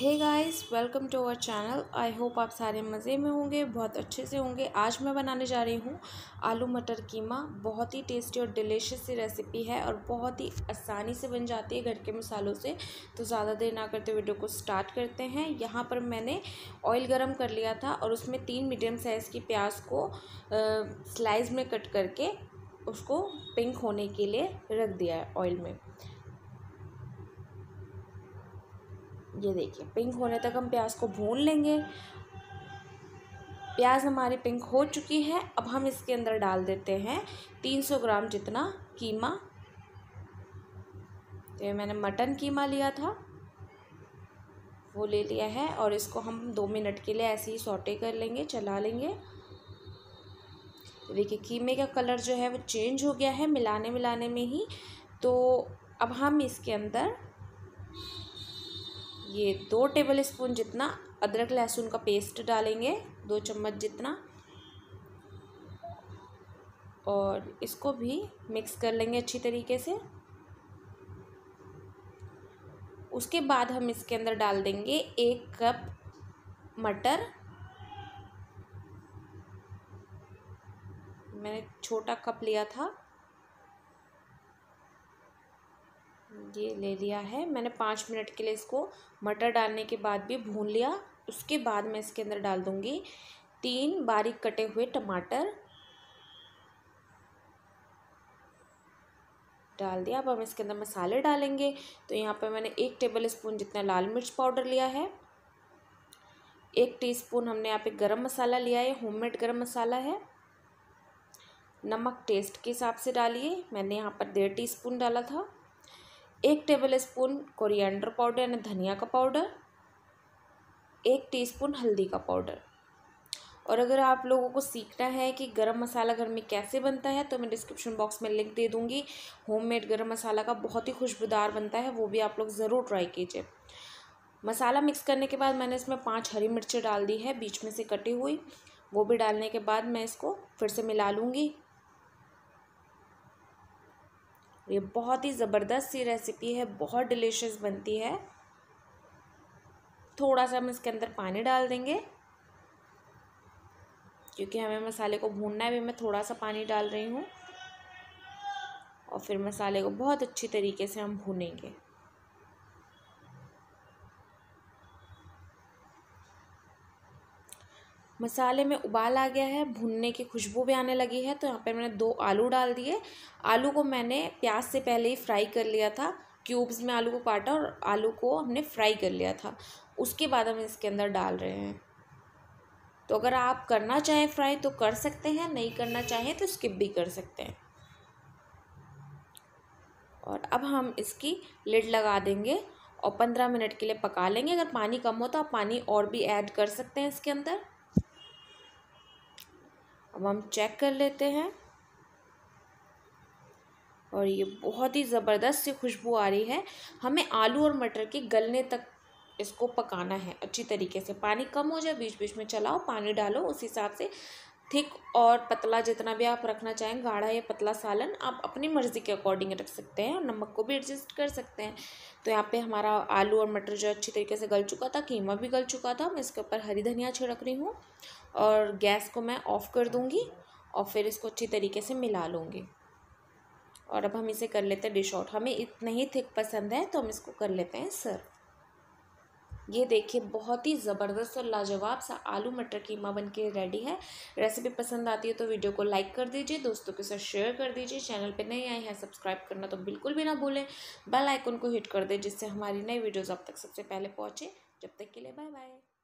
hey guys welcome to our channel I hope आप सारे मज़े में होंगे बहुत अच्छे से होंगे आज मैं बनाने जा रही हूँ आलू मटर कीमा बहुत ही टेस्टी और डिलीशियस सी रेसिपी है और बहुत ही आसानी से बन जाती है घर के मसालों से तो ज़्यादा देर ना करते वीडियो को स्टार्ट करते हैं यहाँ पर मैंने ऑयल गर्म कर लिया था और उसमें तीन मीडियम साइज़ की प्याज को स्लाइस में कट करके उसको पिंक होने के लिए रख दिया है ऑयल में ये देखिए पिंक होने तक हम प्याज को भून लेंगे प्याज हमारी पिंक हो चुकी है अब हम इसके अंदर डाल देते हैं तीन सौ ग्राम जितना कीमा तो ये मैंने मटन कीमा लिया था वो ले लिया है और इसको हम दो मिनट के लिए ऐसे ही सोटे कर लेंगे चला लेंगे देखिए कीमे का कलर जो है वो चेंज हो गया है मिलाने मिलाने में ही तो अब हम इसके अंदर ये दो टेबल स्पून जितना अदरक लहसुन का पेस्ट डालेंगे दो चम्मच जितना और इसको भी मिक्स कर लेंगे अच्छी तरीके से उसके बाद हम इसके अंदर डाल देंगे एक कप मटर मैंने छोटा कप लिया था ये ले लिया है मैंने पाँच मिनट के लिए इसको मटर डालने के बाद भी भून लिया उसके बाद मैं इसके अंदर डाल दूँगी तीन बारीक कटे हुए टमाटर डाल दिया अब हम इसके अंदर मसाले डालेंगे तो यहाँ पर मैंने एक टेबल स्पून जितना लाल मिर्च पाउडर लिया है एक टीस्पून हमने यहाँ पे गरम मसाला लिया है होममेड गरम मसाला है नमक टेस्ट के हिसाब से डालिए मैंने यहाँ पर डेढ़ टीस्पून डाला था एक टेबल स्पून कोरिएंडर पाउडर यानी धनिया का पाउडर एक टीस्पून हल्दी का पाउडर और अगर आप लोगों को सीखना है कि गरम मसाला घर में कैसे बनता है तो मैं डिस्क्रिप्शन बॉक्स में लिंक दे दूँगी होममेड गरम मसाला का बहुत ही खुशबूदार बनता है वो भी आप लोग ज़रूर ट्राई कीजिए मसाला मिक्स करने के बाद मैंने इसमें पाँच हरी मिर्चें डाल दी है बीच में से कटी हुई वो भी डालने के बाद मैं इसको फिर से मिला लूँगी ये बहुत ही ज़बरदस्त सी रेसिपी है बहुत डिलीशियस बनती है थोड़ा सा हम इसके अंदर पानी डाल देंगे क्योंकि हमें मसाले को भूनना है भी मैं थोड़ा सा पानी डाल रही हूँ और फिर मसाले को बहुत अच्छी तरीके से हम भूनेंगे मसाले में उबाल आ गया है भुनने की खुशबू भी आने लगी है तो यहाँ पर मैंने दो आलू डाल दिए आलू को मैंने प्याज से पहले ही फ्राई कर लिया था क्यूब्स में आलू को काटा और आलू को हमने फ्राई कर लिया था उसके बाद हम इसके अंदर डाल रहे हैं तो अगर आप करना चाहें फ्राई तो कर सकते हैं नहीं करना चाहें तो स्किप भी कर सकते हैं और अब हम इसकी लिड लगा देंगे और पंद्रह मिनट के लिए पका लेंगे अगर पानी कम हो तो आप पानी और भी ऐड कर सकते हैं इसके अंदर अब हम चेक कर लेते हैं और ये बहुत ही ज़बरदस्त सी खुशबू आ रही है हमें आलू और मटर के गलने तक इसको पकाना है अच्छी तरीके से पानी कम हो जाए बीच बीच में चलाओ पानी डालो उस हिसाब से थिक और पतला जितना भी आप रखना चाहें गाढ़ा या पतला सालन आप अपनी मर्ज़ी के अकॉर्डिंग रख सकते हैं और नमक को भी एडजस्ट कर सकते हैं तो यहाँ पे हमारा आलू और मटर जो अच्छी तरीके से गल चुका था कीमा भी गल चुका था मैं इसके ऊपर हरी धनिया छिड़क रही हूँ और गैस को मैं ऑफ़ कर दूँगी और फिर इसको अच्छी तरीके से मिला लूँगी और अब हम इसे कर लेते हैं डिश आउट हमें इतना ही थिक पसंद है तो हम इसको कर लेते हैं सर्व ये देखिए बहुत ही ज़बरदस्त और लाजवाब सा आलू मटर कीमा बन के रेडी है रेसिपी पसंद आती है तो वीडियो को लाइक कर दीजिए दोस्तों के साथ शेयर कर दीजिए चैनल पे नए आए हैं सब्सक्राइब करना तो बिल्कुल भी ना भूलें बेल आइकन को हिट कर दें जिससे हमारी नई वीडियोज़ अब तक सबसे पहले पहुँचें जब तक के लिए बाय बाय